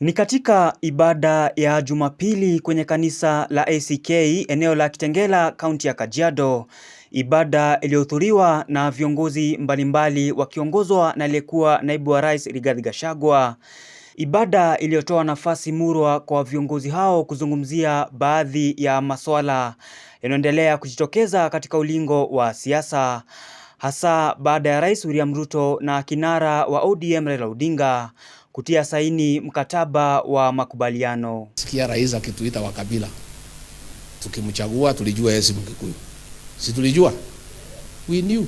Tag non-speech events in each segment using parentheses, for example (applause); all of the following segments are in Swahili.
Ni katika ibada ya Jumapili kwenye kanisa la ACK eneo la Kitengela kaunti ya Kajiado, ibada iliyohudhuriwa na viongozi mbalimbali wakiongozwa na aliyekuwa naibu wa rais Rigathi Gachagua. Ibada iliyotoa nafasi murwa kwa viongozi hao kuzungumzia baadhi ya masuala yanayoendelea kujitokeza katika ulingo wa siasa, hasa baada ya Rais William Ruto na kinara wa ODM Raila Odinga kutia saini mkataba wa makubaliano. Sikia rais akituita wa kabila, tukimchagua tulijua yeye si Mkikuyu, si tulijua? We knew.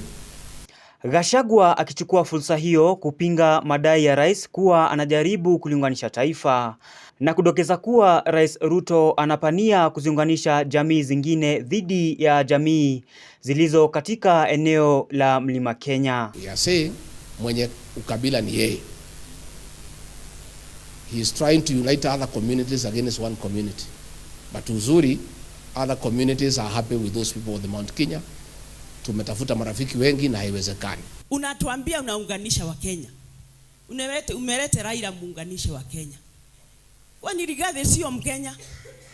Gashagwa akichukua fursa hiyo kupinga madai ya rais kuwa anajaribu kuliunganisha taifa na kudokeza kuwa Rais Ruto anapania kuziunganisha jamii zingine dhidi ya jamii zilizo katika eneo la Mlima Kenya. Yase mwenye ukabila ni yeye. He is trying to unite other communities against one community. But uzuri other communities are happy with those people of the Mount Kenya. Tumetafuta marafiki wengi na haiwezekani. Unatuambia unaunganisha wa Kenya. Unawete umelete Raila muunganishe wa Kenya. Kwani Rigathi sio Mkenya?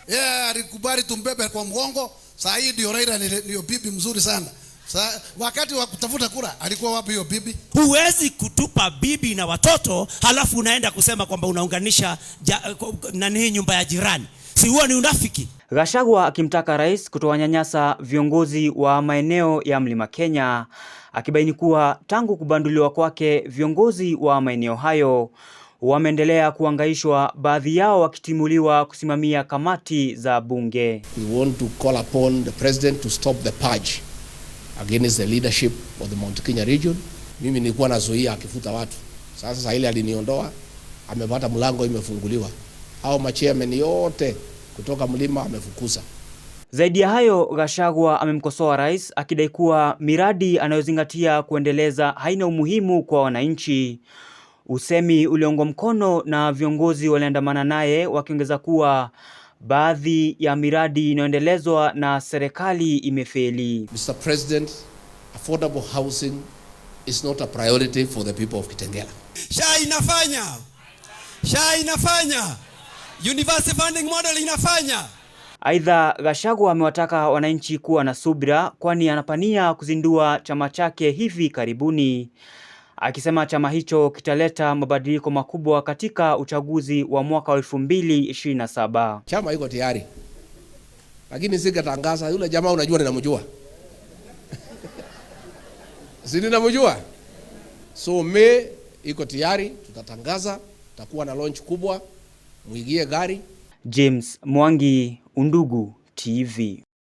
yeah, alikubali tumbebe kwa mgongo. Sasa hii ndio Raila ndio bibi mzuri sana. Sa, wakati wa kutafuta kura alikuwa wapi hiyo bibi? Huwezi kutupa bibi na watoto halafu unaenda kusema kwamba unaunganisha ja, nani nyumba ya jirani, si huo ni unafiki? Gachagua akimtaka rais kutowanyanyasa viongozi wa maeneo ya Mlima Kenya, akibaini kuwa tangu kubanduliwa kwake viongozi wa maeneo hayo wameendelea kuangaishwa, baadhi yao wakitimuliwa kusimamia kamati za bunge. We want to call upon the president to stop the purge against the leadership of the Mount Kenya region. Mimi nilikuwa nazuia akifuta watu, sasa sasa ile aliniondoa, amepata mlango imefunguliwa, hao machairman yote kutoka mlima amefukuza. Zaidi ya hayo, Gachagua amemkosoa rais akidai kuwa miradi anayozingatia kuendeleza haina umuhimu kwa wananchi, usemi uliongwa mkono na viongozi waliandamana naye wakiongeza kuwa baadhi ya miradi inayoendelezwa na serikali imefeli. Mr. President, affordable housing is not a priority for the people of Kitengela. SHA inafanya. SHA inafanya. Universal funding model inafanya. Aidha, Gachagua amewataka wananchi kuwa na subira kwani anapania kuzindua chama chake hivi karibuni akisema chama hicho kitaleta mabadiliko makubwa katika uchaguzi wa mwaka wa 2027. Chama iko tayari, lakini singetangaza yule jamaa. Unajua ninamjua (laughs) si ninamjua, so me iko tayari, tutatangaza, tutakuwa na launch kubwa, muigie gari. James Mwangi, Undugu TV.